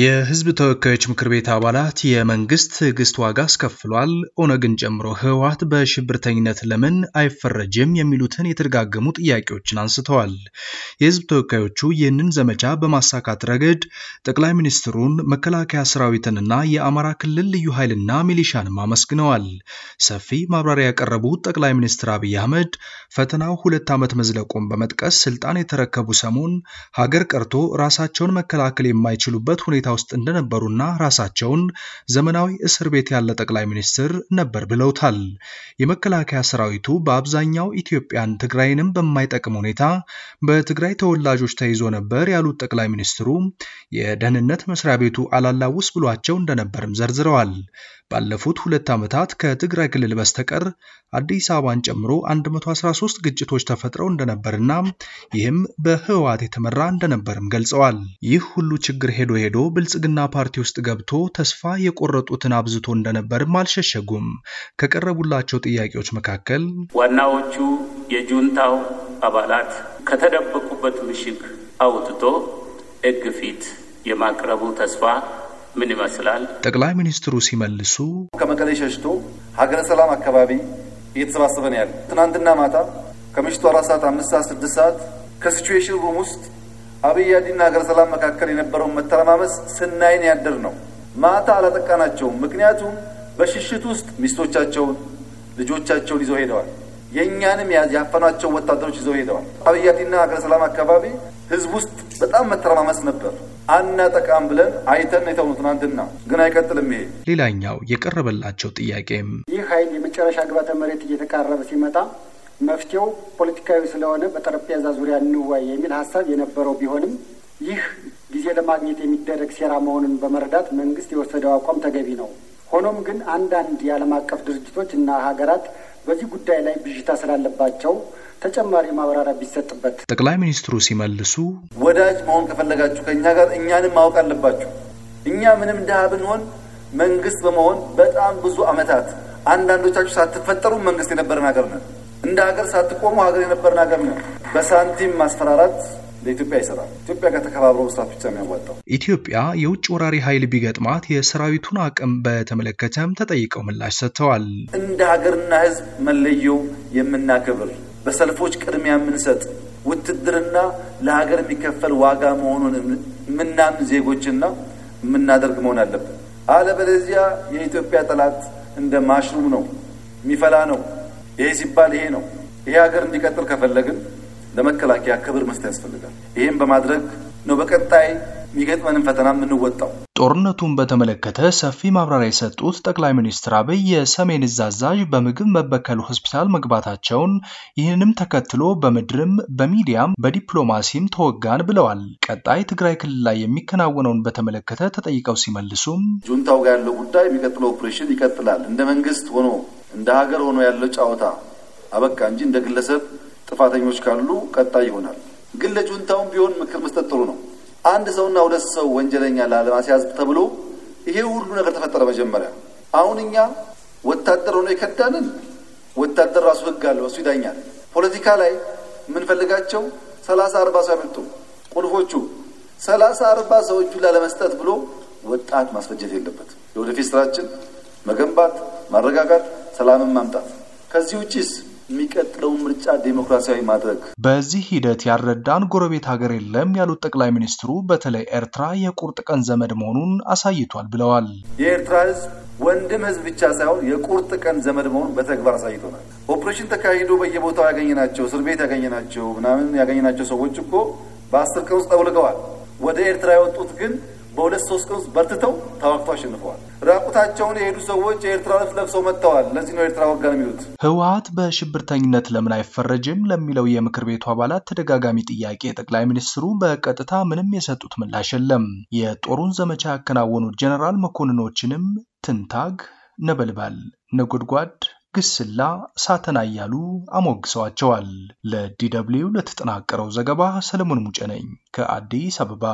የህዝብ ተወካዮች ምክር ቤት አባላት የመንግስት ትዕግስት ዋጋ አስከፍሏል፣ ኦነግን ጨምሮ ህወሓት በሽብርተኝነት ለምን አይፈረጅም የሚሉትን የተደጋገሙ ጥያቄዎችን አንስተዋል። የህዝብ ተወካዮቹ ይህንን ዘመቻ በማሳካት ረገድ ጠቅላይ ሚኒስትሩን፣ መከላከያ ሰራዊትንና የአማራ ክልል ልዩ ኃይልና ሚሊሻንም አመስግነዋል። ሰፊ ማብራሪያ ያቀረቡት ጠቅላይ ሚኒስትር አብይ አህመድ ፈተናው ሁለት ዓመት መዝለቁን በመጥቀስ ስልጣን የተረከቡ ሰሞን ሀገር ቀርቶ ራሳቸውን መከላከል የማይችሉበት ሁኔታ ሁኔታ ውስጥ እንደነበሩና ራሳቸውን ዘመናዊ እስር ቤት ያለ ጠቅላይ ሚኒስትር ነበር ብለውታል። የመከላከያ ሰራዊቱ በአብዛኛው ኢትዮጵያን፣ ትግራይንም በማይጠቅም ሁኔታ በትግራይ ተወላጆች ተይዞ ነበር ያሉት ጠቅላይ ሚኒስትሩ የደህንነት መስሪያ ቤቱ አላላውስ ብሏቸው እንደነበርም ዘርዝረዋል። ባለፉት ሁለት ዓመታት ከትግራይ ክልል በስተቀር አዲስ አበባን ጨምሮ 113 ግጭቶች ተፈጥረው እንደነበርና ይህም በህወሓት የተመራ እንደነበርም ገልጸዋል። ይህ ሁሉ ችግር ሄዶ ሄዶ ብልጽግና ፓርቲ ውስጥ ገብቶ ተስፋ የቆረጡትን አብዝቶ እንደነበርም አልሸሸጉም። ከቀረቡላቸው ጥያቄዎች መካከል ዋናዎቹ የጁንታው አባላት ከተደበቁበት ምሽግ አውጥቶ ሕግ ፊት የማቅረቡ ተስፋ ምን ይመስላል? ጠቅላይ ሚኒስትሩ ሲመልሱ ከመቀሌ ሸሽቶ ሀገረ ሰላም አካባቢ እየተሰባሰበ ነው ያለ። ትናንትና ማታ ከምሽቱ አራት ሰዓት አምስት ሰዓት ስድስት ሰዓት ከሲቹዌሽን ሩም ውስጥ አብይ አዲና ሀገረ ሰላም መካከል የነበረውን መተረማመስ ስናይን ያደር ነው። ማታ አላጠቃናቸውም። ምክንያቱም በሽሽት ውስጥ ሚስቶቻቸውን፣ ልጆቻቸውን ይዘው ሄደዋል። የእኛንም ያፈኗቸው ወታደሮች ይዘው ሄደዋል። አብይ አዲና ሀገረ ሰላም አካባቢ ህዝብ ውስጥ በጣም መተረማመስ ነበር። አናጠቃም ብለን አይተን የተውኑ ትናንትና ግን አይቀጥልም። ይሄ ሌላኛው የቀረበላቸው ጥያቄም ይህ ኃይል የመጨረሻ ግባተ መሬት እየተቃረበ ሲመጣ መፍትሄው ፖለቲካዊ ስለሆነ በጠረጴዛ ዙሪያ እንወያይ የሚል ሀሳብ የነበረው ቢሆንም ይህ ጊዜ ለማግኘት የሚደረግ ሴራ መሆኑን በመረዳት መንግስት የወሰደው አቋም ተገቢ ነው። ሆኖም ግን አንዳንድ የዓለም አቀፍ ድርጅቶች እና ሀገራት በዚህ ጉዳይ ላይ ብዥታ ስላለባቸው ተጨማሪ ማብራሪያ ቢሰጥበት። ጠቅላይ ሚኒስትሩ ሲመልሱ ወዳጅ መሆን ከፈለጋችሁ ከእኛ ጋር እኛንም ማወቅ አለባችሁ። እኛ ምንም ድሀ ብንሆን መንግስት በመሆን በጣም ብዙ አመታት አንዳንዶቻችሁ ሳትፈጠሩ መንግስት የነበረን ሀገር ነን። እንደ ሀገር ሳትቆሙ ሀገር የነበርን ሀገር ነው። በሳንቲም ማስፈራራት ለኢትዮጵያ ይሰራል። ኢትዮጵያ ጋር ተከባብሮ መስራት ብቻ የሚያዋጣው። ኢትዮጵያ የውጭ ወራሪ ኃይል ቢገጥማት የሰራዊቱን አቅም በተመለከተም ተጠይቀው ምላሽ ሰጥተዋል። እንደ ሀገርና ሕዝብ መለየው የምናከብር በሰልፎች ቅድሚያ የምንሰጥ ውትድርና ለሀገር የሚከፈል ዋጋ መሆኑን የምናምን ዜጎችና የምናደርግ መሆን አለብን። አለበለዚያ የኢትዮጵያ ጠላት እንደ ማሽሩም ነው፣ የሚፈላ ነው። ይህ ሲባል ይሄ ነው። ይሄ ሀገር እንዲቀጥል ከፈለግን ለመከላከያ ክብር መስጠት ያስፈልጋል። ይህም በማድረግ ነው በቀጣይ የሚገጥመንን ፈተና የምንወጣው። ጦርነቱን በተመለከተ ሰፊ ማብራሪያ የሰጡት ጠቅላይ ሚኒስትር አብይ የሰሜን እዝ አዛዥ በምግብ መበከል ሆስፒታል መግባታቸውን ይህንም ተከትሎ በምድርም በሚዲያም በዲፕሎማሲም ተወጋን ብለዋል። ቀጣይ ትግራይ ክልል ላይ የሚከናወነውን በተመለከተ ተጠይቀው ሲመልሱም ጁንታው ጋር ያለው ጉዳይ የሚቀጥለው ኦፕሬሽን ይቀጥላል እንደ መንግስት ሆኖ እንደ ሀገር ሆኖ ያለው ጨዋታ አበቃ እንጂ እንደ ግለሰብ ጥፋተኞች ካሉ ቀጣይ ይሆናል። ግን ለጁንታውም ቢሆን ምክር መስጠት ጥሩ ነው። አንድ ሰውና ሁለት ሰው ወንጀለኛ ላለማስያዝ ተብሎ ይሄ ሁሉ ነገር ተፈጠረ። መጀመሪያ አሁን እኛ ወታደር ሆኖ የከዳንን ወታደር ራሱ ህግ አለው፣ እሱ ይዳኛል። ፖለቲካ ላይ የምንፈልጋቸው ሰላሳ አርባ ሰው ያመጡ ቁልፎቹ ሰላሳ አርባ ሰው ላለመስጠት ብሎ ወጣት ማስፈጀት የለበት። የወደፊት ስራችን መገንባት ማረጋጋት ሰላምን ማምጣት ከዚህ ውጭስ የሚቀጥለውን ምርጫ ዴሞክራሲያዊ ማድረግ። በዚህ ሂደት ያልረዳን ጎረቤት ሀገር የለም ያሉት ጠቅላይ ሚኒስትሩ በተለይ ኤርትራ የቁርጥ ቀን ዘመድ መሆኑን አሳይቷል ብለዋል። የኤርትራ ህዝብ ወንድም ህዝብ ብቻ ሳይሆን የቁርጥ ቀን ዘመድ መሆኑን በተግባር አሳይቶናል። ኦፕሬሽን ተካሂዶ በየቦታው ያገኘናቸው እስር ቤት ያገኘናቸው ምናምን ያገኘናቸው ሰዎች እኮ በአስር ቀን ውስጥ ጠውልገዋል። ወደ ኤርትራ የወጡት ግን በሁለት ሶስት ቀን ውስጥ በርትተው ተዋግተው አሸንፈዋል። ራቁታቸውን የሄዱ ሰዎች የኤርትራ ልብስ ለብሰው መጥተዋል። ለዚህ ነው ኤርትራ ወጋ የሚሉት። ህወሀት በሽብርተኝነት ለምን አይፈረጅም ለሚለው የምክር ቤቱ አባላት ተደጋጋሚ ጥያቄ ጠቅላይ ሚኒስትሩ በቀጥታ ምንም የሰጡት ምላሽ የለም። የጦሩን ዘመቻ ያከናወኑት ጀነራል መኮንኖችንም ትንታግ፣ ነበልባል፣ ነጎድጓድ ግስላ ሳተና እያሉ አሞግሰዋቸዋል። ለዲ ለተጠናቀረው ዘገባ ሰለሞን ሙጨ ነኝ ከአዲስ አበባ።